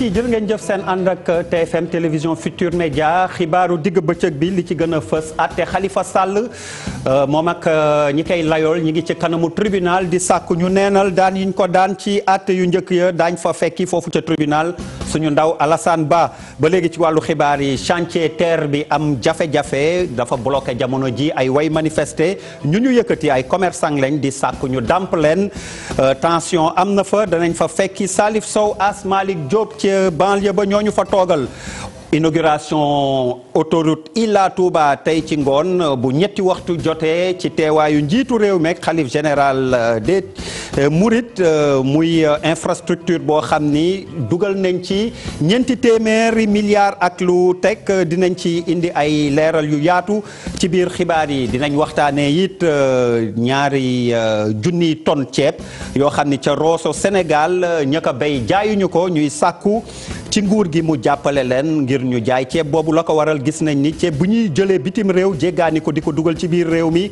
mbokk yi ngeen jëf seen ànd ak TFM télévision Futur Média xibaaru digg bëccëg bi li ci gën a fës àtte Khalifa Sall euh, moom ak euh, ñi koy layool ñi ngi ci kanamu tribunal di sàkk ñu neenal daan yiñ ko daan ci àtte yu njëkk ya daañ fa fekki foofu ca tribunal suñu ndaw Alassane Ba ba léegi ci wàllu xibaar yi chantier terre bi am jafe-jafe dafa bloqué jamono ji ay way manifesté ñu ñu yëkkati ay commerçant lañ di sàkk ñu dàmp leen euh, tension am na fa danañ fa fekki Salif Sow As Malick Diop ci banlieue ba ñoo ñu fa toogal inauguration autoroute Ila Touba tey ci ngoon bu ñetti waxtu jotee ci teewaayu njiitu réew meek xalif général euh, des euh, Mourides euh, muy infrastructure boo xam ni dugal nañ ci ñeenti téeméeri milliards ak lu teg dinañ ci indi ay leeral yu yaatu ci biir xibaar yi dinañ waxtaanee it ñaari junni ton ceeb yoo xam ni ca Rosso Sénégal ña ko béy jaayuñu ko ñuy sàkku ci nguur gi mu jàppale leen ngir ñu jaay ceeb boobu la ko waral gis nañ ni ceeb bu ñuy jëlee bitim réew jéggaani ko di ko dugal ci biir réew mi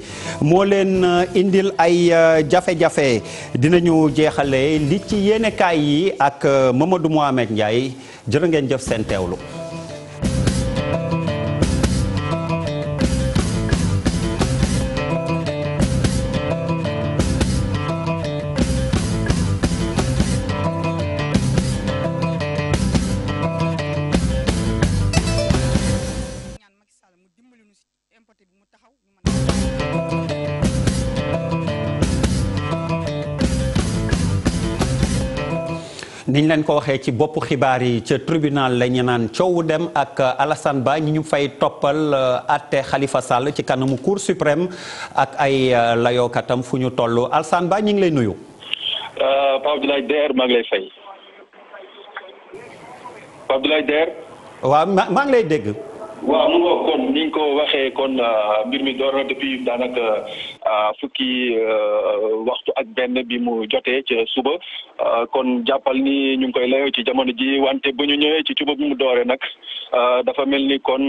moo leen euh, indil ay euh, jafe-jafe dinañu jeexale li ci yéenekaay yi ak euh, Mamadou Mohamed Ndiaye jërë ngeen jëf seen teewlu. niñ leen ko waxee ci boppu xibaar yi ca tribunal la ñu naan coow dem ak Alassane Ba ñi ñu fay toppal àtte uh, Khalifa Sall ci kanamu cour suprême ak ay uh, layookatam fu ñu toll Alassane Ba ñu ngi lay nuyu. Uh, Pape Abdoulaye Der maa ngi lay fay. Pape Abdoulaye Der. waaw maa ngi lay dégg. ni nga ko waxee kon euh, mbir mi door na depuis daanaka euh, fukki euh, waxtu ak benn bi mu jotee ca suba kon jàppal ni ñu ngi koy layoo ci jamono ji wante bu ñu ñëwee ci cuba bi mu dooree nag dafa mel ni kon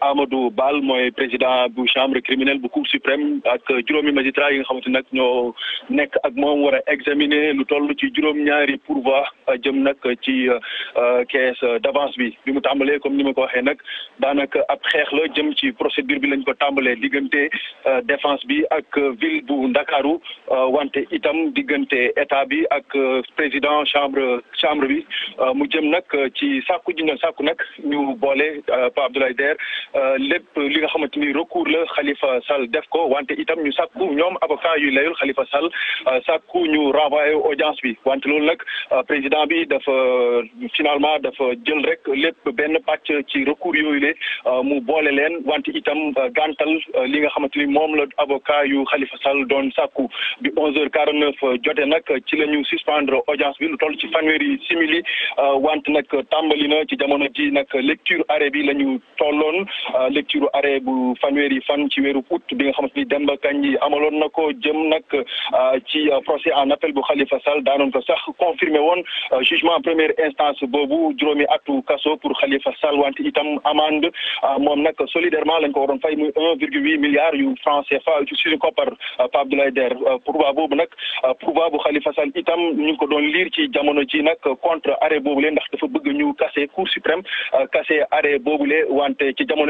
Amadou Bal mooy président bu chambre criminelle bu cour suprême ak juróomi magistrat yi nga xamante nag ñoo nekk ak moom war a examiner lu toll ci juróom-ñaari pourvoi jëm nag ci euh, caisse d'avance bi bi mu tàmbalee comme ni ma ko waxee nag daanaka ab xeex la jëm ci procédure bi lañ ko tàmbalee diggante euh, défense bi ak ville bu Ndakaaru euh, wante itam diggante état bi ak président chambre chambre bi mu jëm nag ci sàkku ji na sàkku nag ñu boole Pape Abdoulaye Der Euh, lépp li nga xamante ni recours la xalifa sal def ko wante itam ñu sàkku ñoom avocat yu layul xalifa sal euh, sàkku ñu renvoyé audience bi wante loolu nag euh, président bi dafa finalement dafa jël rek lépp benn pàcc ci recours yooyu le mu boole leen wante itam gàntal li nga xamante ni moom la avocat yu Khalifa Sall doon sàkku bi onze heures quarante neuf jote nag ci la ñu suspendre audience bi lu toll ci fanweeri simili want nag tàmbali na ci jamono ji nag lecture arrêt bi la ñu tolloon Euh, lecture arrêt bu fanweeri fan ci weeru août bi nga xamante ni Demba Kandji amaloon na ko jëm nag euh, ci euh, procès en appel bu xalifa Sall daanoon ko sax confirmé woon jugement première instance boobu juróomi atu kaso pour Khalifa Sall wante itam amende moom nag solidairement lañ ko waroon fay muy un virgule huit milliards yu franc CFA ci suñu koppar Pape Abdoulaye Der boobu nag pourvoi bu Khalifa Sall itam ñu ngi ko doon liir ci jamono ji nag contre arrêt boobu le ndax dafa bëgg ñu casser Cour suprême casser arrêt boobu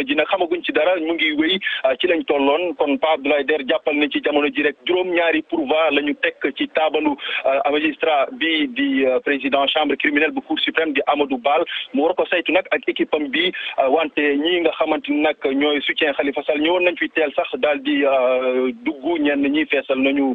ji nag xamaguñ ci dara mu ngi wéy ah, ci lañ tolloon kon Pa Abdoulaye Der jàppal ne ci jamono ji rek juróom-ñaari pourvoi la ñu teg ci taabalu ah, magistrat bi di ah, président chambre criminelle bu cour suprême bi amadu Baal mu war ko saytu nag ak équipe am bi wante ñi nga xamante ni nag ñooy soutien Khalifa Sall ñëwoon nañ fi teel sax daal di dugg ñenn ñi feesal nañu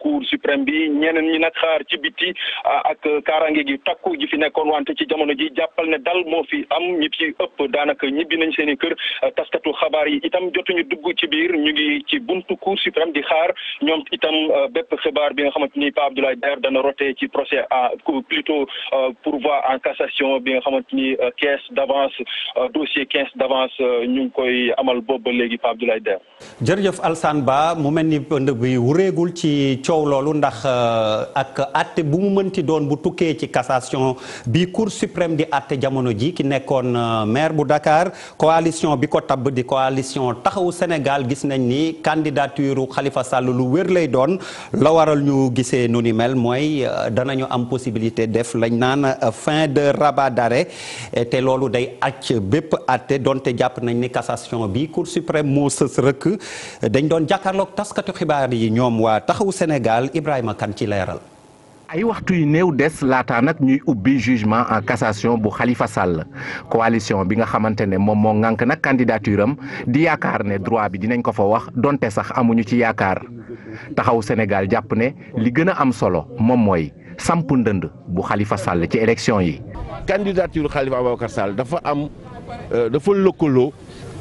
cour suprême bi ñeneen ñi nag xaar ci biti ak kaaraange gi takku ji fi nekkoon wante ci jamono ji jàppal ne dal moo fi am ñi ëpp daanaka ñibbi nañ seen kër Euh, taskatu xabaar yi itam jotuñu dugg ci biir ñu ngi ci buntu cour suprême di xaar ñoom itam euh, bépp xibaar bi nga xamante ni Pape Abdoulaye Dar dana rote ci procès à pour euh, pourvoi en cassation bi nga xamante ni caisse d'avance dossier caisse d'avance ñu ngi koy amal boobu ba léegi Pape Abdoulaye Dar. jërëjëf Alsane Ba mu mel ni pënd bi wureegul ci coow loolu ndax ak àtte bu mu mënti doon bu tukkee ci cassation bi cour suprême di àtte jamono ji ki nekkoon maire bu bi ko tab di coalition taxawu Sénégal gis nañ ni candidature Khalifa Sall lu wér lay doon la waral ñu gisee nu ni mel mooy euh, danañu am possibilité def lañ naan a euh, fin de rabat te loolu day acc bépp atte donte jàpp nañ ni cassation bi Cour suprême moo sës rëkk dañ doon jàkkaarloog taskatu xibaar yi ñoom waa taxawu Sénégal Ibrahima kan ci leeral. ay waxtu yu néew des laata nag ñuy ubbi jugement en cassation bu Khalifa Sall coalition bi nga xamante ne moom moo ŋànk nag candidature am di yaakaar ne droit bi dinañ ko fa wax donte sax amuñu ci yaakaar taxaw Sénégal jàpp ne li gën a am solo moom mooy samp ndënd bu Khalifa Sall ci élection yi. candidature Khalifa Ababacar Sall dafa am euh, dafa lëkkaloo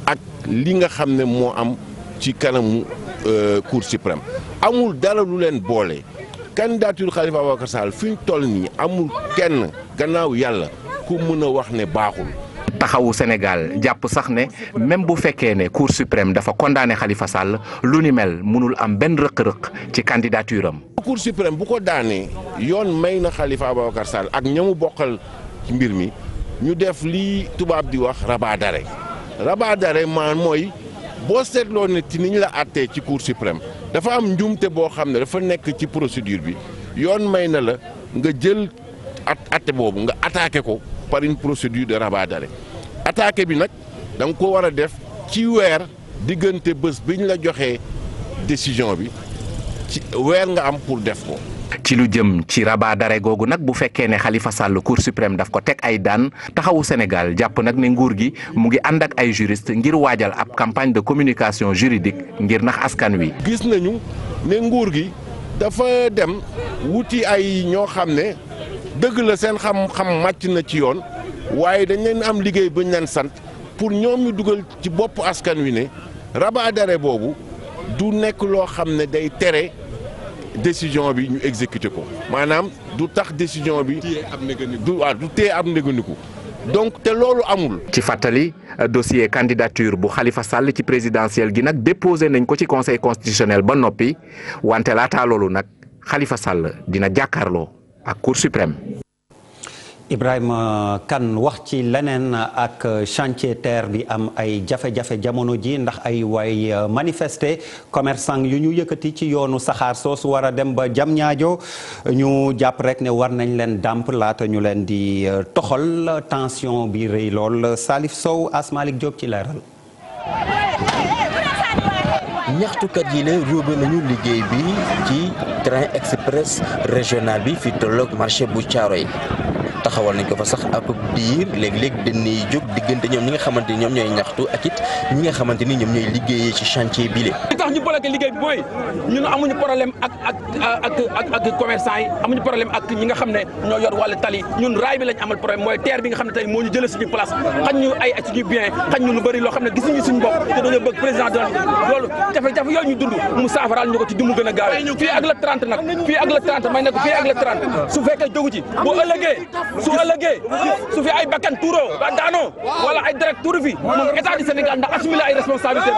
ak li nga xam ne moo am ci kanamu euh, Cour suprême amul dara lu leen boole. candidature Khalifa Ababacar Sall fi ñu toll nii amul kenn gannaaw yàlla ku mën a wax ne baaxul. taxawu Sénégal jàpp sax ne même bu fekkee ne cour suprême dafa condamné xalifa sàll lu ni mel mënul am benn rëq-rëq ci candidature am. cour suprême bu ko daanee yoon may na Khalifa Ababacar Sall ak ñamu bokkal mbir mi ñu def lii tubaab di wax rabat d'arrêt rabat d'arrêt boo seetloo ne ci ni ñu la àttee ci cour suprême dafa am njuumte boo xam ne dafa nekk ci procédure bi yoon may na la nga jël at àtte boobu nga attaqué ko par une procédure de rabat d'arrêt attaqué bi nag da nga ko war a def ci weer diggante bës bi ñu la joxee décision bi ci weer nga am pour def ko. ci lu jëm ci rabat d'arrêt googu nag bu fekkee ne xalifa sàll Cour suprême daf ko teg ay daan taxawu Sénégal jàpp nag ne nguur gi mu ngi ànd ak ay juriste ngir waajal ab campagne de communication juridique ngir nax askan wi. gis nañu ne nguur gi dafa dem wuti ay ñoo xam ne dëgg la seen xam-xam màcc na ci yoon waaye dañ leen am liggéey bañ leen sant pour ñoom ñu dugal ci bopp askan wi ne rabat boobu du nekk loo xam ne day tere. décision bi ñu exécuter ko maanaam du tax décision bi. du waaw du téye ab négandiku donc te loolu amul. ci fàttali euh, dossier candidature bu xalifa Sall ci présidentielle gi nag déposé nañ ko ci conseil constitutionnel ba noppi wante laataa loolu nag xalifa Sall dina jàkkaarloo ak cour suprême. Ibrahima Kane wax ci leneen ak chantier terre bi am ay jafe-jafe jamono ji ndax ay way euh, manifeste commerçant yu ñu yëkkati ci yoonu saxaar soosu war a dem ba jam ñaajo ñu jàpp rek ne war nañ leen dàmp laata ñu leen di euh, toxal tension bi rëy lool Salif Sow Asmalik Diop ci leeral ñaxtukat yi la yóbbu nañu liggéey bi ci train express régional bi fi tolloog marché bu caaro yi taxawal ñu bloqué liggéey bi ñu bien xañ ñu lu bëri loo xam ne gisuñu suñu bopp te dañoo bëgg président a gaawe fii nag fii ak la 30 may nekk fii ak la 30 su fekkee jógu ci bu ëllëgee su ëllëgee su fi ay bakkan tuuroo ba daanoo wala ay deret tuuru fi moom état Sénégal ndax assumer ay responsabilités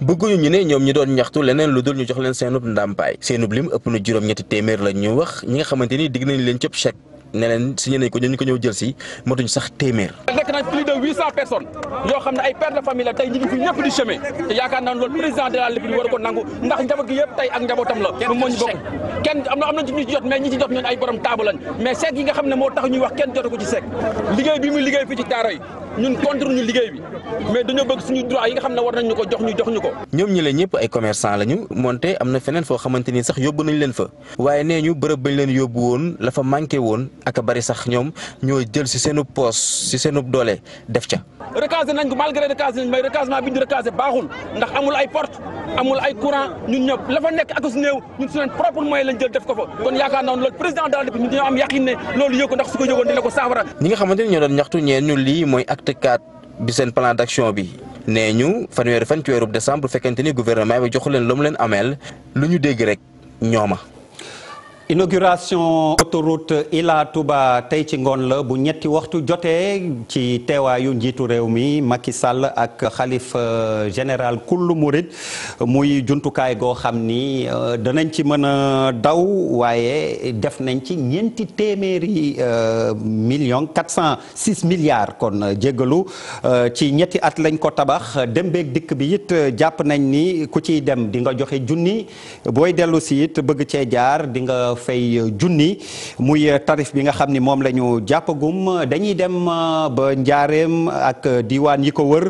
parce que ñu ne ñoom ñu doon ñaxtu leneen lu dul ñu jox leen seenub ndàmpaay seenub lim ëpp na juróom-ñetti téeméer la ñu wax ñi nga xamante ni digg nañ leen cëpp chèque ne leen signé nañ ko ñoom ñu ko ñëw jël si matuñ sax téeméer huit cent personnes yoo xam ne ay per de famille la tey ñu ngi fi ñëpp di chemin te yaakaar naa loolu président de la République war a ko nangu ndax njaboot gi yëpp tey ak njabootam la moom moo kenn am na am na ñu ci jot mais ñi ci nga xam ne moo tax ñuy wax kenn jotu ko ci seec liggéey bi muy liggéey fii ci Thiaroye ñun contre ñu liggéey bi mais dañoo bëgg suñu droit yi nga xam ne war nañ ko jox ñu jox ñu ko ñoom ñi la ñëpp ay commerçant lañu monte am na feneen foo xamante ni sax yóbbu nañ leen fa waaye nee ñu bërëb bañ leen yóbbu woon la fa woon ak a sax ñoom ñoo jël si seenu poos si seenu doole def ca. recasé nañ ko malgré recasé nañ may recasement bi ñu recasé baaxul ndax amul ay porte amul ay courant ñun ñëpp la fa nekk ak su néew ñun suñu propre moyen lañ jël def ko fa kon yaakaar naa loolu président de la République am yaqin ne loolu yëg ko ndax su ko yëgoon dina ko saafara. ñi nga xamante ne ñoo doon ñaxtu ñee ñu lii mooy acte 4 bi seen plan d'action bi. nee ñu fanweeri fan ci weerub décembre bu fekkente ni gouvernement bi joxu leen lu leen ameel lu ñu dégg rek ñooma inauguration autoroute Ila Touba tey ci ngoon la bu ñetti waxtu jotee ci teewaayu njiitu réew mi Macky Sall ak xalif général kullu murid muy jumtukaay goo xam ni euh, danañ ci mën a daw waaye def nañ ci ñeenti téeméeri euh, million quatre cent six milliards kon jéggalu euh, ci ñetti at lañ ko tabax dem beeg dikk bi it jàpp nañ ni ku ci dem dinga joxe junni booy dellu si bëgg cee jaar fay junni muy tarif bi nga xam ni moom la ñu jàppagum dañuy dem euh, ba njaareem ak diwaan yi ko wër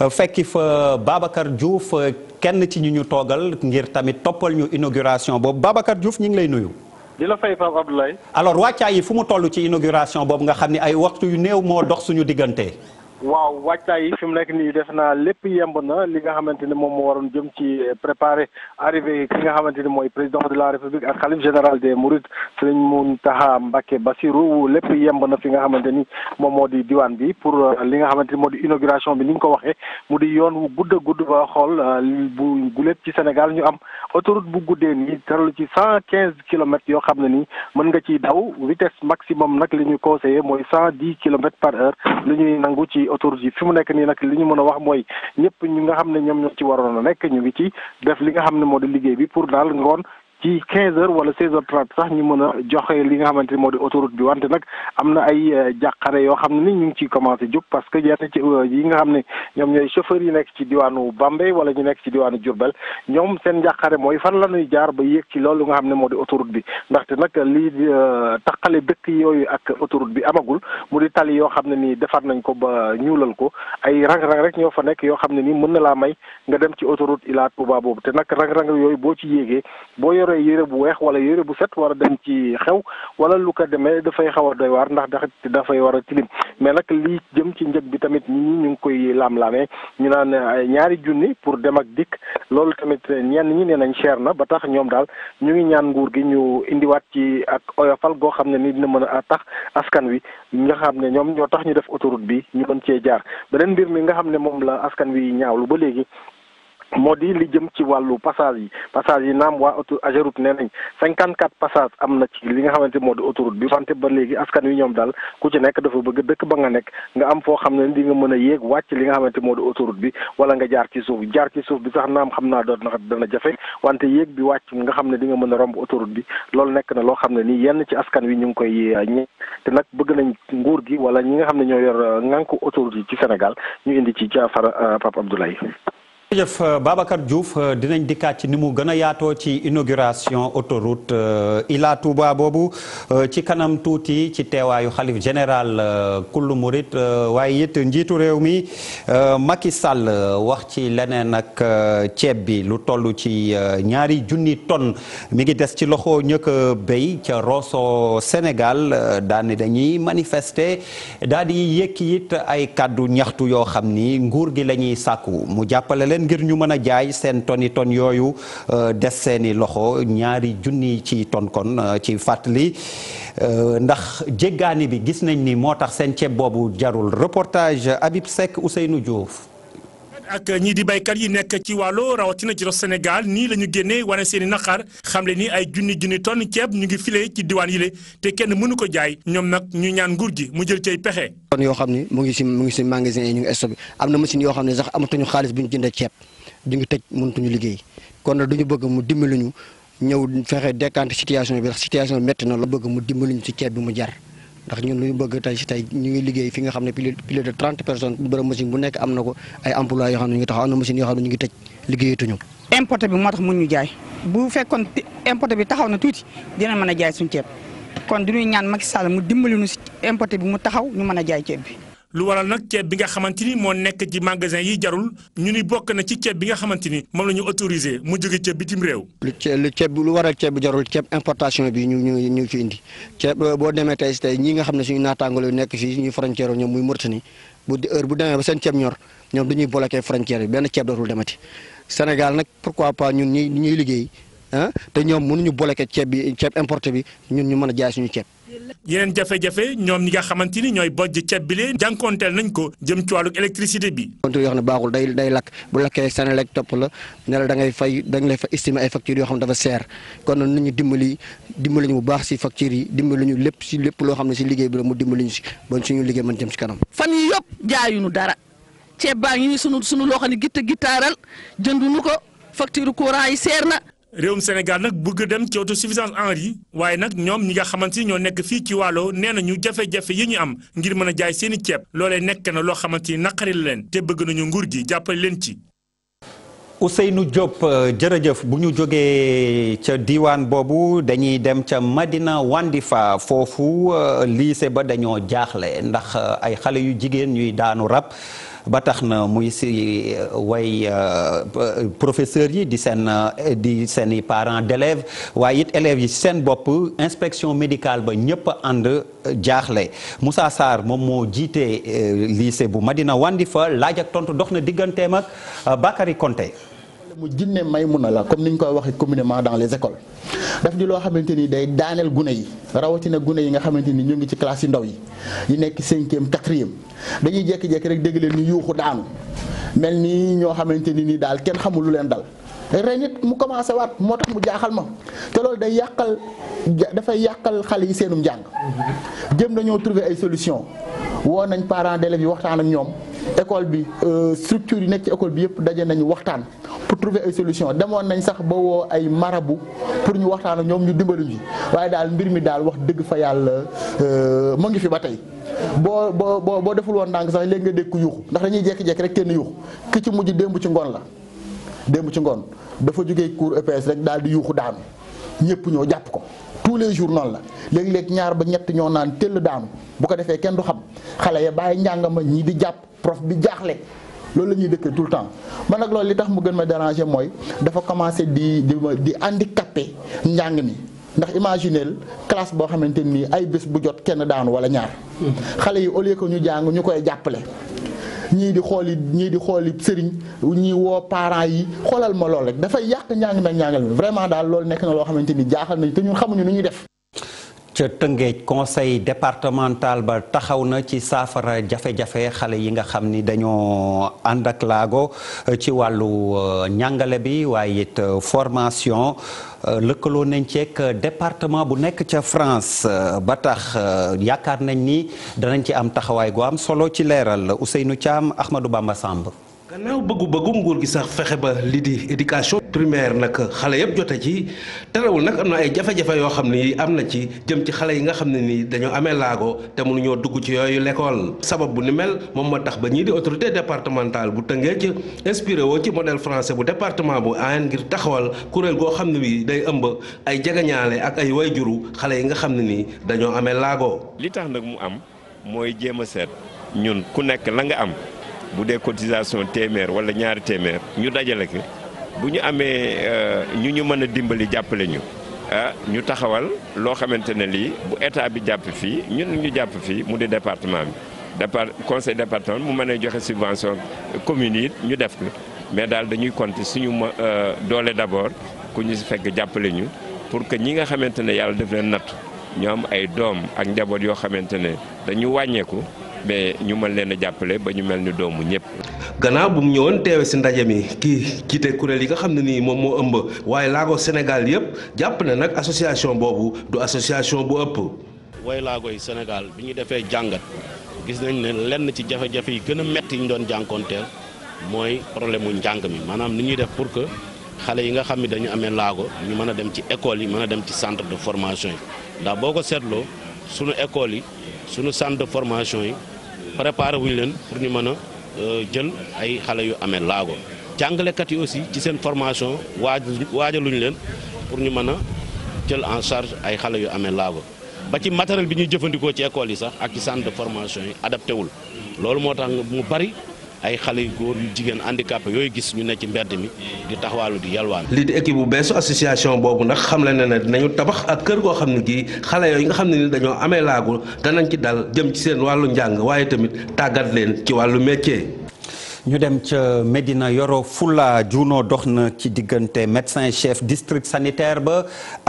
euh, fekki fa Babacar Diouf euh, kenn ci ñu ñu toogal ngir tamit toppal ñu inauguration boobu Babacar Diouf ñu ngi lay nuyu. di la fay Pape Abdoulaye. alors wàccaay yi fu mu toll ci inauguration boobu nga xam ni ay waxtu yu néew moo dox suñu diggante. waaw waajtaay yi fi mu nekk nii def naa lépp yemb na li nga xamante ni moom moo waroon jëm ci eh, préparer arrivé ki nga xamante ni mooy président de la république ak xalif général de des mourides Serigne Mountakha Mbacké Bassirou lépp yemb na fi nga xamante ni moom moo di diwaan bi pour eh, li nga xamante ni moo di inauguration bi ni nga ko waxee mu di yoon wu gudd gudd ba xool eh, bu guléet ci Sénégal ñu am autoroute bu guddee nii teralu ci cent quinze kilomètres yoo xam ne nii mën nga ciy daw vitesse maximum nag li ñuy conseillé mooy cent dix kilomètres par heure ñuy nangu ci autoroute fi mu nekk nii nag li ñu mën a wax mooy ñëpp ñu nga xam ne ñoom ñoo ci waroon a nekk ñu ngi ci def li nga xam ne moo di liggéey bi pour dal ngoon ci quinze heures wala 16 heures 30 sax ñu mën a joxe li nga xamante ni moo di autoroute bi wante nag am na ay euh, jàqare yoo xam ne nii ñu ngi ciy commencé jub parce que yenn ci euh, yi nga xam ne ñoom ñooy chauffeurs yi nekk ci diwaanu Bambey wala ñu nekk ci diwaanu Diourbel ñoom seen jàqare mooy fan la ñuy jaar ba yéeg ci loolu nga xam ne moo di autoroute bi ndaxte nag lii euh, taqale dëkk yooyu ak autoroute bi amagul mu di tali yoo xam ne nii defar nañ ko ba ñuulal ko ay rang-rang rek ñoo fa nekk yoo xam ne nii mën na laa may nga dem ci autoroute Ila Touba boobu te nag rang-rang yooyu boo ci yéegee yoree yére bu weex wala yére bu set war a dem ci xew wala lu ko demee dafay xaw a doy waar ndax dax dafay war a tilim mais nag lii jëm ci njëg bi tamit ñu ngi koy laam-laamee ñu naan euh, ñaari junni pour dem ak dikk loolu tamit euh, ñenn ñi nee nañ cher na ba tax ñoom daal ñu ngi ñaan nguur gi ñu indiwaat ci ak oyofal goo xam ne ni dina mën a tax askan wi nga xam ne ñoom ñoo tax ñu def autoroute bi ñu mën cee jaar beneen mbir mi nga xam ne moom la askan wi ñaawlu ba moo di li jëm ci wàllu passage yi passage yi naam waa auto Ageroute nee nañ cinquante quatre passage am na ci li nga xamante moo di autoroute bi wante ba léegi askan wi ñoom daal ku ci nekk dafa bëgg dëkk ba nga nekk nga am foo xam ne di nga mën a yéeg wàcc li nga xamante moo di autoroute bi wala nga jaar ci suuf jaar ci suuf bi sax naam xam naa doon na dana jafe wante yéeg bi wàcc nga xam ne di nga mën a romb autoroute bi loolu nekk na loo xam ne nii yenn ci askan wi ñu ngi koy euh, ñe bëgg nañ nguur gi wala ñi nga xam ne ñoo yor ngànku euh, autoroute ci Sénégal ñu indi ci jaafara euh, Pape Abdoulaye jërëjëf euh, Babacar Diouf euh, dinañ dikkaat ci ni mu gën a yaatoo ci inauguration autoroute euh, Ila Touba boobu ci kanam tuuti ci teewaayu xalif général kullu murit waaye it njiitu réew mi Macky Sall wax ci leneen ak ceeb bi lu toll ci ñaari junni tonnes mi ngi des ci loxo ñëkk a béy ca Rosso Sénégal daan ni dañuy manifester yëkki it ay kàddu ñaxtu yoo xam ni nguur gi la sàkku mu jàppale leen ngir ñu mën a jaay seen toni ton yooyu euh, des seeni loxo ñaari junni ci ton kon euh, ci fàttali euh, ndax jéggaani bi gis nañ ni moo tax seen ceeb boobu jarul reportage Habib Seck Ousseynou jóof ak ñii di baykat yi nekk ci wàllu rawatina ci Sénégal nii la ñu génnee wane seeni i naqar xam le ni ay junni junni tonn ceeb ñu ngi file ci diwaan yile te kenn mënu ko jaay ñoom nag ñu ñaan nguur gi mu jël cay pexe. kon yoo xam ne mu ngi si mu ngi si magasin yi ñu ngi stocké am na machine yoo xam ne sax amatuñu xaalis bu ñu jëndee ceeb ñu ngi tëj mënatuñu liggéey kon nag du ñu bëgg mu dimbaluñu ñëw fexe décanté situation bi ndax situation métti na la bëgg mu dimbaluñu si ceeb bi mu jar. ndax ñun luñu bëgg tey si tey ñu ngi liggéey fi nga xam ne plus de 30 personnes borom machine bu nekk am na ko ay emploi yoo xam ne ñu ngi taxaw am na machine yoo ne ñu ngi tëj liggéeyatuñu importé bi moo tax mun ñu jaay bu fekkoon importé bi taxaw na tuuti dina mën a jaay suñu ceeb kon du ñuy ñaan Macky Sall mu dimbali ñu si importé bi mu taxaw ñu mën a jaay ceeb bi lu waral nag ceeb bi nga xamante moo nekk ci magasin yi jarul ñu ni bokk na ci ceeb bi nga xamante ni moom la ñu autorisé mu jóge ceeb bitim réew. lu ceeb lu ceeb lu waral ceeb bi jarul ceeb importation bi ñu ñu ñu fi indi ceeb euh, boo demee tey si tey nga xam ne suñu naataangoo yu nekk fii ñu frontière ñoom muy Mauritanie bu heure bu demee ba seen ceeb ñor ñoom dañuy bloqué frontière bi benn ceeb dootul demati Sénégal nag pourquoi pas ñun ñuy ñuy liggéey ah te ñoom mënuñu bloqué ceeb bi ceeb importé bi ñun ñu mën a jaay suñu ceeb. yeneen jafe-jafe ñoom ñi nga xamante ni ñooy bojj ceeb bi leen jànkoonteel nañ ko jëm ci wàllu bi. baaxul day lakk bu lakkee Senelec topp la ne la da ngay fay da nga lay fa estimer ay factures yoo xam ne dafa seer kon nag nañu dimbali ñu bu baax si si lépp loo xam ne si liggéey bi la mu dimbali ñu si bon suñu liggéey mën jëm si kanam. fan yii yëpp jaayuñu dara ceeb baa ngi nii sunu sunu loo xam jënduñu ko facture courant yi seer na réewum Sénégal nag bëgg dem ci autosuffisance en riz waaye nag ñoom ñi nga xamante ni ñoo nekk fii ci wàllo nee na ñu jafe-jafe yi ñu am ngir mën a jaay seeni ceeb loole nekk na loo xamante ni naqari la leen te bëgg nañu nguur gi jàppale leen ci. Ousseynou Diop euh, jërëjëf bu ñu jógee ca diwaan boobu dañuy dem ca Madina Wandifa foofu euh, lycée ba dañoo jaaxle ndax euh, ay xale yu jigéen ñuy daanu rab. ba tax na muy si euh, way euh, professeurs yi di seen euh, di seeni parent parents d'élèves waaye it élèves yi seen bopp inspection médicale ba ñëpp ànd jaaxle Moussa saar moom moo jiite lycée bu ma Madina Wandifa laaj ak tontu dox na digganteem ak Bakary Konté mu jinne Maymuna la comme ni ñu koy waxee communement dans les écoles daf di loo xamante ni day daaneel gune yi rawatina gune yi nga xamante ni ñu ngi ci classe yu ndaw yi yi nekk cinquième quatrième dañuy jékki-jékki rek dégg leen ñu yuuxu daanu mel ñoo xamante ni ni daal kenn xamul leen dal. ren it mu commencé waat moo mu jaaxal te loolu day yàqal dafay yàqal xale yi seenum njàng. nañoo trouver ay solution woo nañ parents d'élèves yi waxtaan ak ñoom école bi euh, structure yi nekk ci école bi yëpp daje nañu waxtaan. pour trouver ay solution demoon nañ sax ba woo ay marabu pour ñu waxtaan ak ñoom ñu dimbaluñ fi waaye daal mbir mi daal wax dëgg fa yàlla euh, mu ngi fi ba tey boo boo boo boo deful woon ndànk sax léegi nga dégg ku yuuxu ndax dañuy jékki-jékki rek kenn yuuxu ki ci mujj démb ci ngoon la démb ci ngoon dafa jógee cour EPS rek daal di yuuxu daanu ñëpp ñoo jàpp ko tous les jours la léeg-léeg ñaar ba ñett ñoo naan tëll daanu bu ko defee kenn du xam xale ya bàyyi njàngama ñii di jàpp prof bi jaaxle loolu la ñuy dëkkee tout le temps man nag loolu li tax mu gën ma dérangé mooy dafa commencé di di di handicapé njàng ni ndax imagineel classe boo xamante nii ay bés bu jot kenn daanu wala ñaar xale yi au lieu que ñu jàng ñu koy jàppale ñii di xooli ñii di xooli sëriñ ñii woo parents yi xoolal ma lool rek dafay yàq njàng mi ak njàngal mi vraiment daal loolu nekk na loo xamante ni jaaxal nañ te ñun xamuñu nu ñu def ca Tëngéej conseil départemental ba taxaw na ci saafara jafe-jafe xale yi nga xam ni dañoo ànd ak laago euh, ci wàllu ñàngale euh, bi waaye it euh, formation lëkkaloo nañ ceek département bu nekk ca France ba tax yaakaar nañ ni danañ ci am taxawaay gu am solo ci leeral Ousseynou Thiam Ahmadou Bamba Samb. gannaaw bëggu primaire nag xale yëpp jote ci terewul nag am na ay jafe-jafe yoo xam ne ni am na ci jëm ci xale yi nga xam ne nii dañoo amee laago te mënuñoo dugg ci yooyu lekkool sabab bu ni mel moom moo tax ba ñii di autorité départementale bu Tëngéej inspiré woo ci modèle français bu département bu AN ngir taxawal kuréel goo xam ne bi day ëmb ay jegeñaale ak ay wayjuru xale yi nga xam ne nii dañoo amee laago. li tax nag mu am mooy jéem a seet ñun ku nekk la nga am bu dee cotisation téeméer wala ñaari téeméer ñu dajale bu ñu amee euh, ñu ñu mën a dimbali jàppale ñu ah ñu taxawal loo xamante ne lii bu état bi jàpp fii ñun ñu jàpp fii mu di département bi départ conseil départemental mu mën a joxe subvention commune yi ñu def ko mais daal dañuy compter suñu euh, doole d'abord ku ñu si fekk jàppale ñu pour que ñi nga xamante ne yàlla def leen natt ñoom ay doom ak njaboot yoo xamante ne dañu wàññeeku. mais ñu mën leen jàppale ba ñu mel ni doomu ñëpp. gannaaw bu mu ñëwoon teewe si ndaje mi kii jiite kuréel yi nga xam ne nii moom moo ëmb waaye laago Sénégal yëpp jàpp na nag association boobu du association bu ëpp. woy laago yi Sénégal bi ñu defee jàngat gis nañ ne lenn ci jafe-jafe yi gën a métti yi ñu doon jànkoonteel mooy problème wu njàng mi maanaam ni ñuy def pour que xale yi nga xam ni dañu amee laago ñu mën a dem ci école yi mën a dem ci centre de formation yi yi. suñu centre de formation yi préparé wuñu leen pour ñu mën a euh, jël ay xale yu amee laago jàngalekat yi aussi ci seen formation waaj waajaluñu leen pour ñu mën a jël en charge ay xale yu amee laago ba ci matériel bi ñuy jëfandikoo ci école yi sax ak ci centre de formation yi adapté wul loolu moo tax mu bari ay xale yu góor yu jigéen handicapé yooyu gis ñu ne ci mbedd mi di taxawaalu di yalwaan. lii di équipe bu beesu association boobu ndax xam la ne ne dinañu tabax ak kër goo xam ne gii xale yooyu nga xam ne ni dañoo amee laagu danañ ci dal jëm ci seen wàllu njàng waaye tamit tàggat leen ci wàllu métier. ñu dem ca médina Yoro Fula Juno dox na ci diggante médecin chef district sanitaire ba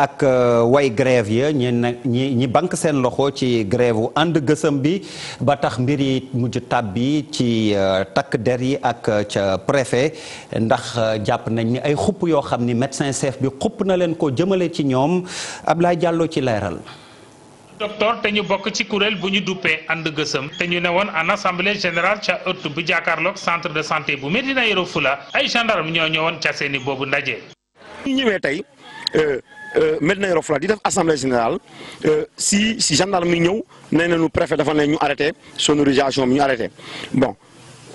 ak euh, way grève ya ñi ñi ñi bank seen loxo ci grève wu ànd gësëm bi ba tax mbir yi mujj tàbbi ci euh, takk der yi ak euh, ca préfet ndax jàpp nañ ni ay xupp yoo xam ni médecin chef bi xupp na leen ko jëmale ci ñoom ab Ablaye jàlloo ci leeral docteur te ñu bokk ci kuréel bu ñu duppee ànd gësëm te ñu ne woon en assemblée générale ca ëtt bu jàkkaarloog centre de santé bu Medina Yoro Fula ay gendarme ñoo ñëwoon ca seeni boobu ndaje. ñu ñëwee tey euh, euh, Medina Yoro Fula di def assemblée générale euh, si si gendarme yi ñëw nee nañu préfet dafa ne ñu arrêté sonorisation bi ñu arrêté bon.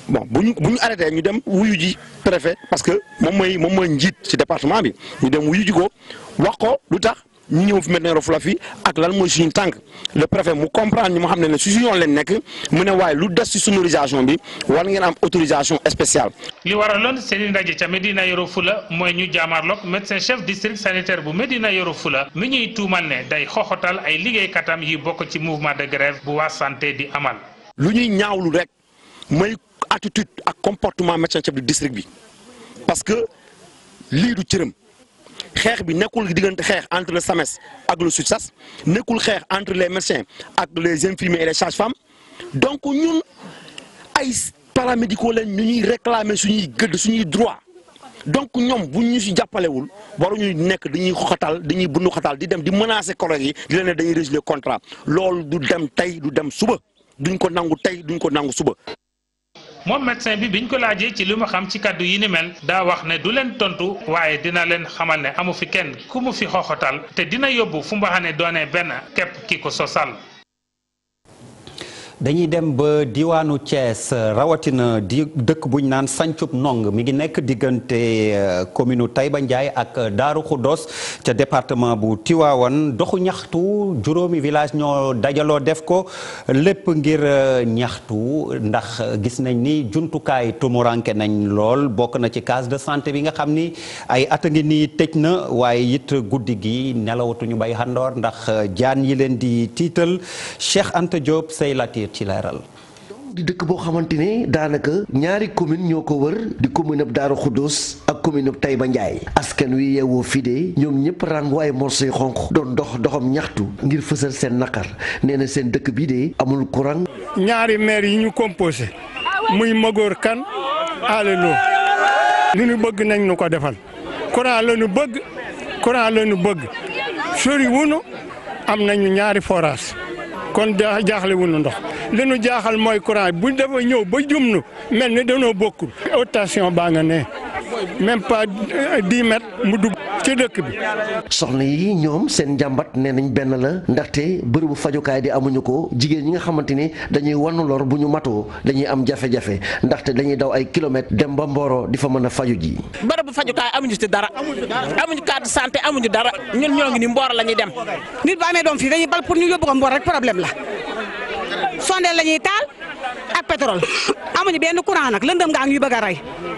bon bu ñu bu ñu ñu dem wuyu ji préfet parce que moom mooy moom mooy njiit ci département bi ñu dem wuyu ko wax ko lu tax ñu ñëw fi maintenant refula fi ak lan mooy suñu tànk le préfet mu comprendre ñu mu xam ne ne su suñu yoon leen nekk mu ne waaye lu des ci sonorisation bi war ngeen am autorisation spéciale li waraloon seeni ndaje ca Médina Yoro Fula mooy ñu jaamaarloog médecin chef district sanitaire bu Médina Yoro Fula mi ñuy tuumal ne day xoxotal ay liggéeykatam yi bokk ci mouvement de grève bu waa santé di amal lu ñuy ñaawlu rek mooy attitude ak comportement médecin chef du bi parce que lii du xeex bi nekkul diggante xeex entre le SAMES ak le SUTSAS nekkul xeex entre les médecins ak les infirmiers et les sages-femmes donc ñun ay paramédicaux leen ñu ñuy réclamer suñuy gëdd suñuy droit donc ñoom bu ñu si jàppalewul waruñu nekk dañuy xoxatal dañuy bundu xatal di dem di menacer collègues yi di leen ne dañuy résilier contrat loolu du dem tey du dem suba duñ ko nangu tey duñ ko nangu suba. moom médecin bi biñ ko laajee ci li mu xam ci kàddu yi ni mel daa wax ne du leen tontu waaye dina leen xamal ne amu fi kenn ku mu fi xoxotal te dina yóbbu fu mbaxane doone benn képp ki ko sosal dañuy dem ba diwaanu cees rawatina di dëkk buñ naan Sancub Nong mi ngi nekk diggante euh, commune Taïba Ndiaye ak Daaru Khoudos ca département bu Tiwaawan doxu ñaxtu juróomi village ñoo dajaloo def ko lépp ngir euh, ñaxtu ndax gis nañ ni jumtukaay tumuranke nañ lool bokk na ci case de santé bi nga xam ni ay at a ngi nii tëj na waaye it guddi gi nelawatuñu bay xandoor ndax euh, jaan yi leen di tiital Cheikh Anta Diop say latir yëpp di dëkk boo xamante ne daanaka ñaari commune ñoo ko wër di commune ab Daaru Xuddoos ak commune ab Taïba Ndiaye askan wi yeewoo fii de ñoom ñëpp ràngu ay morso yu xonq doon dox doxam ñaxtu ngir fësal seen naqar nee na seen dëkk bii de amul courant. ñaari maire yi ñu composé muy Magor Kane Alé lu ñu bëgg nañ ñu ko defal courant la ñu bëgg courant la ñu bëgg sori wuñu am nañu ñaari forage kon jaaxle wuñu ndox li nu jaaxal mooy courant bu dafa ñëw ba jumnu mel ni danoo bokkul station baa nga ne même pas euh, dix mu dugg ci dëkk bi. soxna yi ñoom seen jàmbat nee nañ benn la ndaxte bërëbu fajukaay di amuñu ko jigéen ñi nga xamante ni dañuy wanu lor bu ñu matoo dañuy am jafe-jafe ndaxte dañuy daw ay kilomètres dem ba mbooro di fa mën a faju ji. bërëbu fajukaay amuñu ci dara amuñu carte de santé amuñu dara ñun ñoo ngi ni Mboro la dem. nit bu amee doom fii dañuy bal pour ñu yóbbu ko Mboro rek problème la sondeel la taal. ak pétrole amuñu benn courant nag lëndëm nga ak ñuy bëgg a rey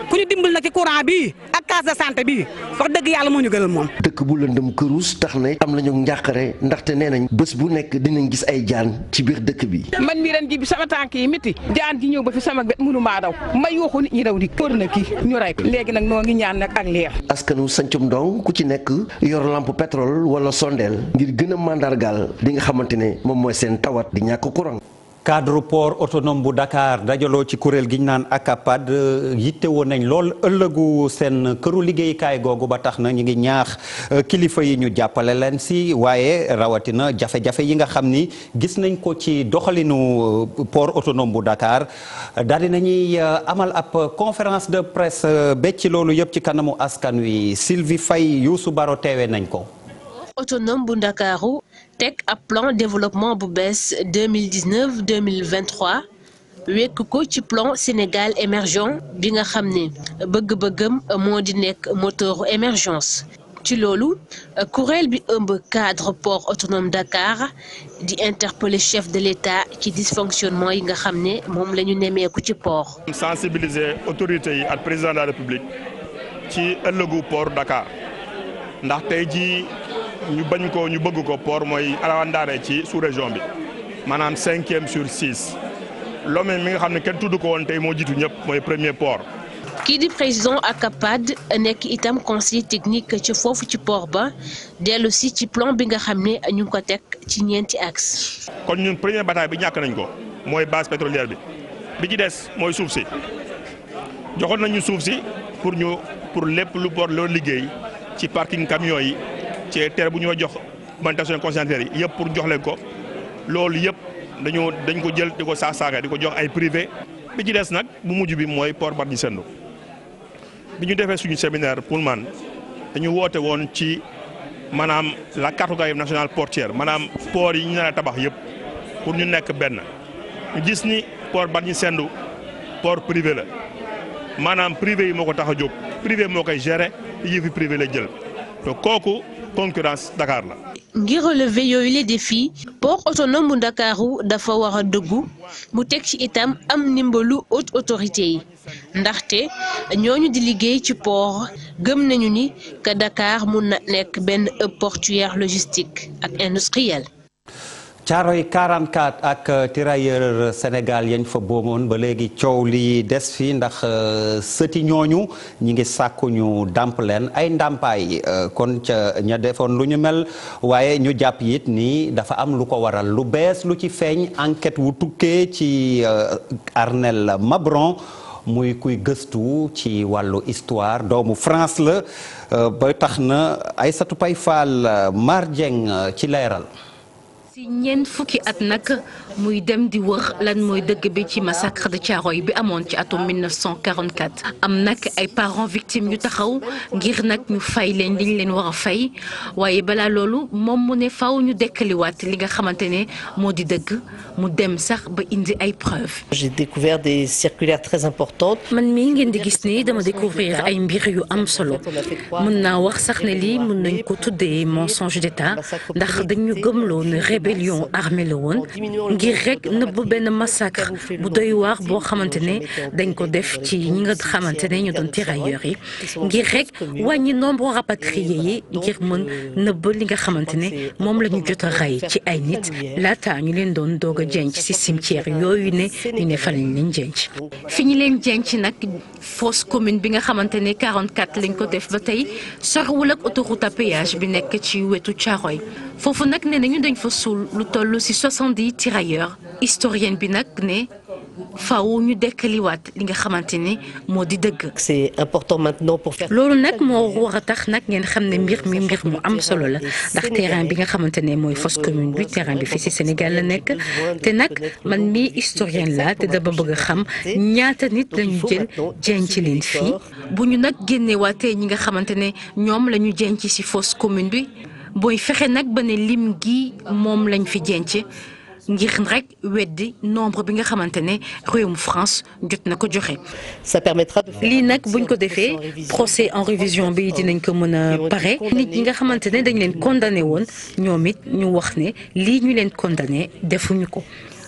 ku ñu dimbal na ci courant bii ak case sant santé bii wax dëgg yàlla moo ñu gënal moom. dëkk bu lëndëm këruus tax na am nañu njàqare ndaxte nee nañ bés bu nekk dinañ gis ay jaan ci biir dëkk bi. man mii ren ji sama tànk yi métti jaan ji ñëw ba fi sama wet mënu maa daw ma yuuxu nit ñi daw di kër na ki ñu rey léegi nag noo ngi ñaan nag ak leer. askanu sancum ndong ku ci nekk yor lampe pétrole wala sondeel ngir gën a màndargaal li nga xamante ne moom mooy seen tawat di ñàkk courant cadre port autonome bu Dakar dajaloo ci kuréel gi ñu naan ACAPAD euh, yitte woon nañ lool ëllëgu seen këru liggéeykaay googu ba tax na ñu ngi ñaax euh, kilifa yi ñu jàppale leen si waaye rawatina jafe-jafe yi nga xam ni gis nañ ko ci doxalinu euh, port autonome bu Dakar daal di nañuy amal ab conférence de presse becc loolu yëpp ci kanamu askan wi Sylvie Faye Youssou Baro teewe nañ ko. autonome bu Ndakaaru teg ab plan développement bu bees 2019 2023 wekk ko ci plan Sénégal émergent bi nga xam ne bëgg-bëggam moo di nekk moteuru émergence ci loolu kuréel bi ëmb cadre port autonome Dakar di interpeller chef de l'État ci dysfonctionnement yi nga xam ne moom la ñu nemmeeku ci port. sensibiliser autorités yi ak président de la république ci ëllëgu port Dakar ndax tey jii ñu bañ ko ñu bëgg ko port mooy alawandaare ci sous région bi maanaam cinquième sur six Lomé mi nga xam ne kenn tudd ko woon tey moo jiitu ñëpp mooy premier port. kii di président ACAPAD nekk itam conseiller technique ci foofu ci port ba dellu si ci plan bi nga xam ne ñu ko teg ci ñeenti axe. kon ñun première bataille bi ñàkk nañ ko mooy base pétrolière bi bi ci des mooy suuf si joxoon nañu suuf si pour ñu pour lépp lu port loo liggéey ci parking camion yi. ci terre bu ñoo jox plantation concessionnaire yi yëpp pour jox ko loolu yëpp dañoo dañ ko jël di ko saa saaga di ko jox ay privé bi ci des nag bu mujj bi mooy port Bargny-Sendou bi ñu defee suñu pour man dañu woote woon ci maanaam la cartographie nationale portière maanaam port yi ñu nar a tabax yëpp pour ñu nekk benn ñu gis ni port Bargny-Sendou port privé la maanaam privé yi moo ko tax a jóg privé moo koy gérer yëfi privé la jël te kooku concurrence Dakar la. ngir relever yooyu les défis port autonome bu ndakaaru dafa war a dëggu mu teg ci itam am ndimbalu haute autorité yi ndaxte ñooñu di liggéey ci port gëm nañu ni que Dakar mun na nekk benn hub portuaire logistique ak industriel. Caaroy 44 ak euh, tirailleur Sénégal yañ fa boomoon ba léegi coow li des fi ndax euh, sëti ñooñu ñi ngi sàkku ñu dàmp leen ay ndàmpaay euh, kon ca ña defoon lu ñu mel waaye ñu jàpp yit nii dafa am lu ko waral lu bees lu ci feeñ enquête wu tukkee ci Arnel Mabron muy kuy gëstu ci wàllu histoire doomu France la ba tax na ay satupay Fall Mar Dieng ci leeral si ñeent fukki at nag muy dem di wër lan mooy dëgg bi ci massacre de Thiaroye bi amoon ci atum 1944 am nag ay parents victimes yu taxaw ngir nag ñu fay leen li ñu leen war a fay waaye balaa loolu moom mu ne faw ñu dekkaliwaat li nga xamante ne moo di dëgg mu dem sax ba indi ay preuves. j'ai découvert des circulaires très importantes. man mii ngeen di gis nii dama découvrir ay mbir yu am solo mën naa wax sax ne lii mën nañ ko tuddee mensonge d'état ndax dañu rébellion armée la woon ngir rek nëbb benn massacre bu doy waax boo xamante ne dañ ko def ci ñi nga xamante ne ñu doon tirailleurs yi ngir rek wàññi nombre rapatriés yi ngir mën euh, nëbb li nga xamante ne moom la ñu jot a rey ci ay nit laata ñu leen doon doog a euh, jenc ci cimetière yooyu ne ñu ne fa lañ leen jenc fi ñu leen jenc nag fosse commune bi nga xamante ne 44 lañ ko def ba tey sorwul ak autoroute à péage bi nekk ci wetu Thiaroye foofu nag ne nañu dañ fa suul lu toll ci soixante-dix tirailleurs historien bi nag ne faw ñu dekkaliwaat li nga xamante ni moo di dëgg. c'est important maintenant pour loolu nag moo war a tax nag ngeen xam ne mbir mi mbir mu am solo la ndax terrain bi nga xamante ne mooy fosse commune bi terrain bi fii ci Sénégal la nekk te nag man mii historien la te dama bëgg a xam ñaata nit la ñu jël denc leen fii bu ñu nag génneewaatee ñi nga xamante ne ñoom la ñu denc ci fosse commune bi. booy fexe nag ba ne lim gi moom lañ fi jenc ngir rek weddi nombre bi nga xamante ne réewum France jot na ko joxe. ça permettra de lii nag buñ ko defee procès en révision bi dinañ ko mën a pare. nit ñi nga xamante ne dañ leen condamné woon ñoom it ñu wax ne lii ñu leen condamné defuñu ko.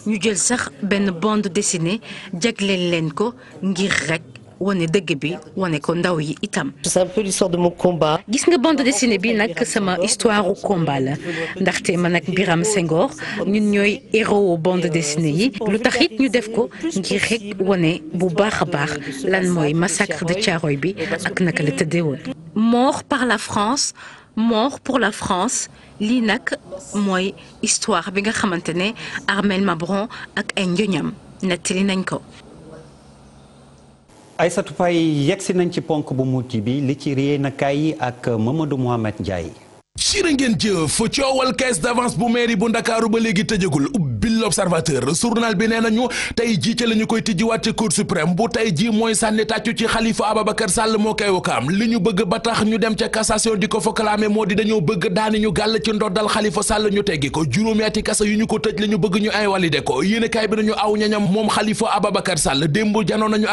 ñu jël sax benn bande dessinée jagleel leen ko ngir rek. wane dëgg bi wane ko ndaw yi itam. c'est un peu l'histoire de gis nga bande dessinée bi nag sama histoire u combat la ndaxte man ak biiram Senghor ñun ñooy héros bande dessinée yi lu tax it ñu def ko ngir rek wane bu baax a baax lan mooy massacre de Thiaroye bi ak naka la tëddee woon. mort par la France mort pour la France. lii nag mooy histoire bi nga xamante ne Armel Mabron ak ay njëñam nettali nañ ko Aïssatou Faye yegsi nañ ci ponk bu mujj bi li ci réer na kay ak Mamadou Mohamed Ndiaye. cirë ngeen jëf coowal caisse d'avance bu mairie bu ndakaaru ba léegi tëjagul ubbil l'observateur journal bi nee nañu tey jii ci la ñu koy tijjiwaat ci cour suprême bu tey jii mooy sànni tàccu ci xalifa ababacar sàll moo koy wakaam li ñu bëgg ba tax ñu dem ca cassation di ko fa clamé moo di dañoo bëgg daani ñu gàll ci ndoddal xalifa sàll ñu teggi ko juróomi ati kasa yu ñu ko tëj la bëgg ñu invalidé ko yéenekaay bi nañu aw ñañam moom xalifa ababacar sàll démb janoo nañu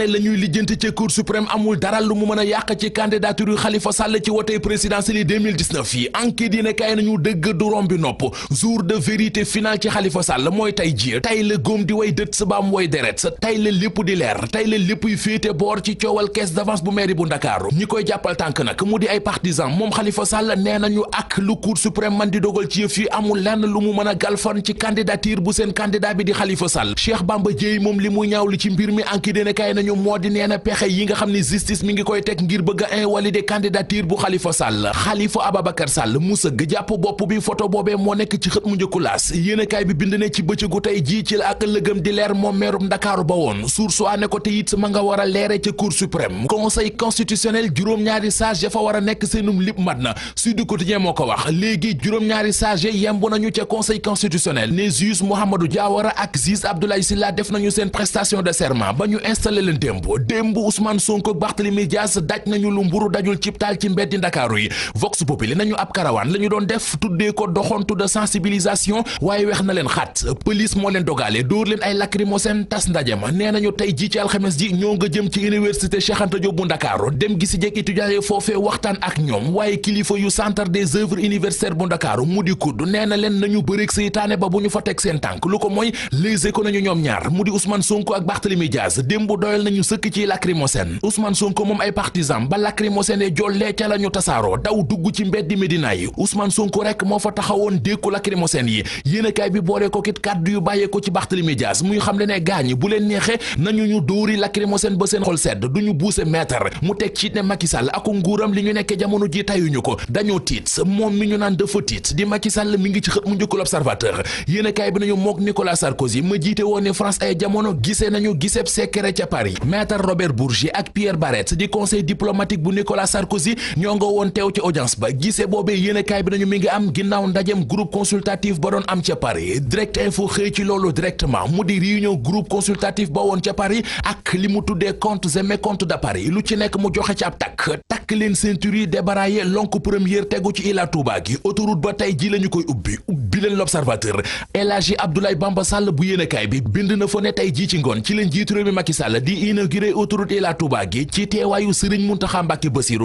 ne la ñuy lijjanti ci cour suprême dara mu mën a yàq ci candidature yu xalifa sàll voté présidentielle yi 2019 yi enquête yi ne kay nañu dëgg du rombi nopp jour de vérité finale ci Khalifa Sall mooy tey ji tey la góom di way dët sa baam way deret sa tey la lépp di leer tey la lépp yu féete boor ci coowal caisse d'avance bu mairie bu Ndakaaru ñi koy jàppal tànk nag mu di ay partisans moom Khalifa Sall nee nañu ak lu Cour suprême man di dogal ci yëf yi amul lenn lu mu mën a galfan ci candidature bu seen candidat bi di Khalifa Sall Cheikh Bamba a invalider candidature bu Khalifa Sall Khalifa Ababacar Sall mu sëgg bopp bi photo boobee moo nekk ci xët mu njëkku laas yéenekaay bi bind ne ci bëccëgu tey jii la ak lëgëm di leer moom Ndakaaru ba woon source a ko te ma nga war a leere ca Cour suprême conseil constitutionnel juróom-ñaari sage ya fa a nekk seenum lip mat na Sud Quotidien moo ko wax léegi juróom-ñaari sage yemb nañu ca conseil constitutionnel ne juge Mouhamadou Diawara ak juge Abdoulaye Sylla ndakaaru yi vox populi nañu ab karawaan la doon def tuddee ko doxantu de sensibilisation waaye weex na leen xat police moo leen dogaale dóor leen ay lacrymogène tas ndajema nee nañu tey ji ci alxames ji ñoo nga jëm ci université Cheikh Anta ndakaaru dem gi si jeg foofee waxtaan ak ñoom waaye kilifa yu centre des œuvres universitaires bu ndakaaru mu di kudd nee na leen nañu bëreeg seytaane ba bu ñu fa teg seen tànk lu ko mooy les éco dañoo tasaaroo daw dugg ci mbeddi Medina yi Ousmane Sonko rek moo fa taxawoon dékku lacrymogène yi yéenekaay bi boole ko yu bàyyee ko ci Barthélémy Dias muy xam le ne gaañi bu leen neexe nañu ñu dóori ba seen xol sedd du ñu buuse mètre mu teg ci ne Macky Sall nguuram li ñu nekke jamono ji tayuñu ko dañoo tiit moom mi ñu naan dafa tiit di Macky Sall ngi ci xët mu njëkk l'Observateur yéenekaay bi nañu mook Nicolas Sarkozy ma jiite woon ne nangoo woon teew ci audience ba gisee boobee yéenekaay bi nañu mi ngi am ginnaaw ndajem groupe consultatif ba doon am ca Paris direct info xëy ci loolu directement mu di réunion groupe consultatif ba woon ca Paris ak li mu tuddee comptes et mécomptes de Paris lu ci nekk mu joxe ci ab takk takk leen ceinture yi débarraye lonk première tegu ci Ila Touba gi autoroute ba tey ji la ñu koy ubbi ubbi leen l'observateur El Hadji Abdoulaye Bamba Sall bu yéenekaay bi bind na fa ne tey jii ci ngoon ci leen jiitu réew mi Macky Sall di inauguré autoroute Ila Touba gi ci teewaayu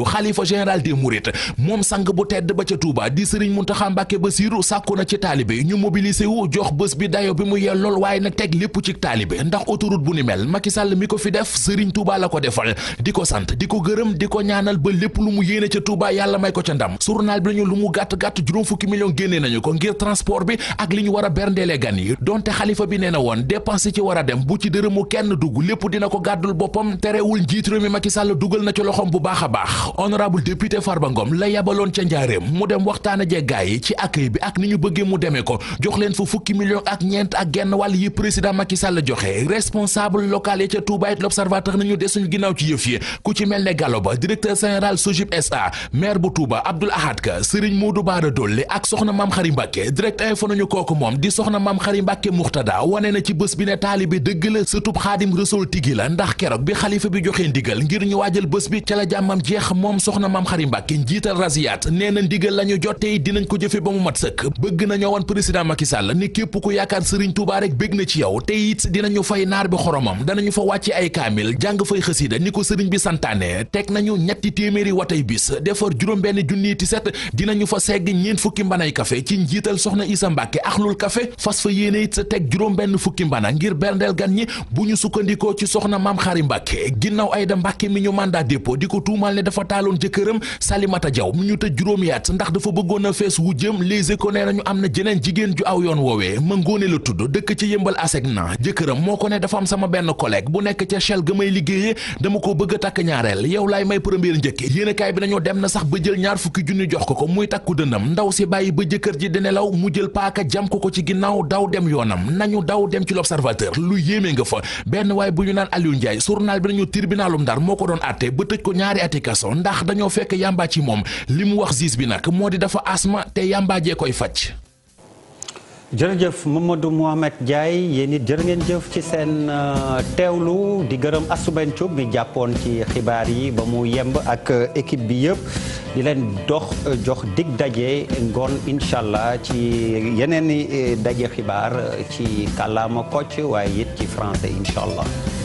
xalifa général di murit moom sang bu tedd ba ca Touba di Serigne Mountakha Mbacké Bassirou sàkku na ci taalibe ñu mobiliser jox bés bi dayo bi mu yellool waaye nag teg lépp ci taalibe ndax autoroute bu ni mel Macky mi ko fi def Serigne Touba la ko defal di ko sant di ko gërëm di ko ñaanal ba lépp lu mu yéene ca Touba yàlla may ko ca ndam journal bi lañu lu mu gàtt gàtt juróom fukki million génnee nañu ko ngir transport bi ak li ñu war a berndeele gan yi donte xalifa bi nee a dem bu bu baax a député Farba Ngom la yabaloon ca njaareem mu dem waxtaana jeggaay ci accueil bi ak ni ñu bëggee mu demee ko jox leen fa fukki million ak ñeent ak genn wàll yi président Macky Sall joxe responsable local yi ca Touba it l'observateur nañu desuñu ginnaaw ci yëf yi ku ci mel ne Gallo Ba directeur général Sojib SA maire bu Touba Abdoul Ahad Ka Serigne Modou Bara Dolly ak soxna Maam Xari Mbàkke direct info kooku moom di soxna Maam Xari Mbàkke Muxtada wane na ci bés bi ne taalibe dëgg la sëtub Xaadim Rasuul tigi la bi xalifa bi bi ca la jàmmam jeex moom Saly Mbacké njiital Raziat nee na ndigal la ñu jot tey dinañ ko jëfe ba mu mat sëkk bëgg nañoo wan président Macky Sall ni képp ku yaakaar Serigne Touba rek bég na ci yow te it dinañu fay naar bi xoromam danañu fa wàcc ay kaamil jàng fay xasida ni ko sëriñ bi santaane teg nañu ñetti téeméeri watay bis defar juróom-benn junniy ti set dinañu fa segg ñeent fukki mbanay café ci njiital soxna Issa Mbacké axlul café fas fa yéene it sa teg juróom-benn fukki mbana ngir berndeel gan ñi bu ñu sukkandikoo ci soxna maam xaari Mbacké ginnaaw Ayda Mbacké mi ñu mandat dépôt di ko tuumal ne dafa taaloon jëkkëram Salimata Diaw mu ñu tëj juróomi at ndax dafa bëggoon a fees wu jëm Les Échos nee nañu am na jeneen jigéen ju aw yoon woowee ma ngóone la tudd dëkk ci yëmbal aseg na jëkkëram moo ko ne dafa am sama benn collègue bu nekk ca Shell ga may liggéeye dama ko bëgg a takk ñaareel yow laay may première njëkk yéenekaay bi nañoo dem na sax ba jël ñaar fukki junni jox ko ko muy takku dëndam ndaw si bàyyi ba jëkkër ji di nelaw mu jël paaka jam ko ko ci ginnaaw daw dem yoonam nañu daw dem ci l'observateur lu yéeme nga fa benn waaye bu ñu naan Aliou Ndiaye journal bi nañu tribunalum Ndar moo ko doon àtte ba tëj ñaari ati yàmbaa ci moom li mu wax gis bi nag moo di dafa asma te yàmbaa koy faj. jërëjëf Mamadou Mohamed Ndiaye yéen it jërë ngeen jëf ci seen euh, teewlu di gërëm Assoumane Thioub mi jàppoon ci xibaar yi ba mu yemb ak euh, équipe bi yëpp di leen dox euh, jox dig daje ngoon incha allah ci yeneen i daje xibaar ci kàllaama Kocc waaye it ci français incha